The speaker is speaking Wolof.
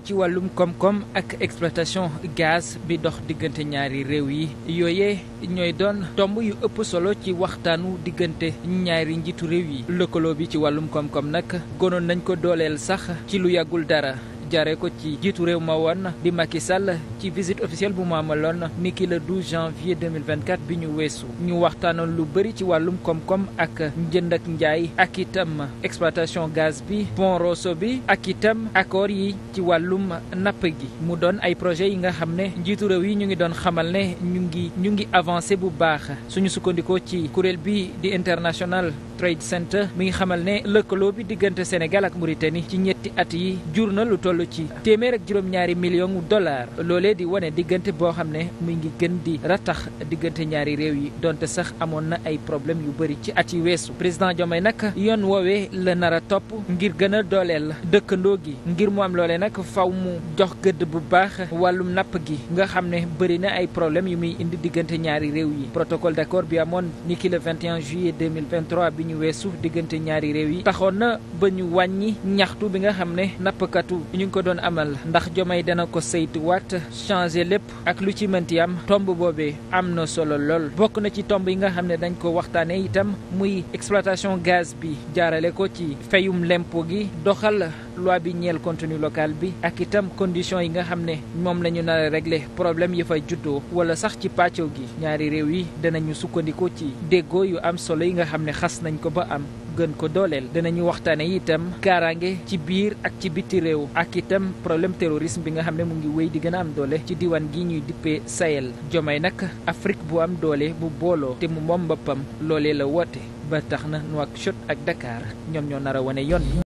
ci wàllum koom-koom ak exploitation gaz bi dox diggante ñaari réew yi yooye ñooy doon tomb yu ëpp solo ci waxtaanu diggante ñaari njiitu réew yi lëkkaloo bi ci wàllum koom-koom nag gonoon nañ ko dooleel sax ci lu yàggul dara jare ko ci jiitu réew ma woon di Macky Sall ci visite officielle bu mu amaloon ni ki le 12 janvier 2024 bi ñu weesu ñu waxtaanoon lu bëri ci wàllum koom-koom ak jënd ak njaay ak itam exploitation gaz bi pont Rosso bi ak itam accord yi ci wàllum napp gi mu doon ay projet yi nga xam ne njiitu réew yi ñu ngi doon xamal ne ñu ngi ñu ngi avancé bu baax suñu sukkandiku ci kuréel bi di international Trade Center mi ngi xamal ne lëkkaloo bi diggante Sénégal ak Mauritanie ci ñetti at yi jur na lu toll ci téeméer ak juróom-ñaari million dollars loolee di wane diggante boo xam ne mu ngi gën di ratax diggante ñaari réew yi donte sax amoon na ay problème yu bëri ci at yi weesu président jommay nag yoon woowee la nar a topp ngir gën a dooleel dëkkandoo gi ngir mu am loole nag faw mu jox gëdd bu baax wàllum napp gi nga xam ne bari na ay problème yu muy indi diggante ñaari réew yi protocole ñu weesu diggante ñaari réew yi taxoon na ba ñu wàññi ñaxtu bi nga xam ne nappkatu ñu ngi ko doon amal ndax jomay dana ko saytuwaat changé lépp ak lu ci mënti am tomb boobee am na solo lool bokk na ci tomb yi nga xam ne dañ ko waxtaane itam muy exploitation gaz bi jaarale ko ci fayum lempo gi doxal loi bi ñeel contenu local bi ak itam condition yi nga xam ne moom la ñu nar a problème yi fa juddoo wala sax ci pàccoo gi ñaari réew yi danañu sukkandiku ci déggoo yu am solo yi nga xam ne xas nañ ko ba am gën ko dooleel danañu waxtaane itam kaaraange ci biir ak ci biti réew ak itam problème terrorisme bi nga xam ne mu ngi wéy di gën a am doole ci diwaan gi ñuy dippee Sahel jommay nag Afrique bu am doole bu booloo te mu moom boppam loolee la woote ba tax na Nouakchott ak Dakar ñoom ñoo nar wane yoon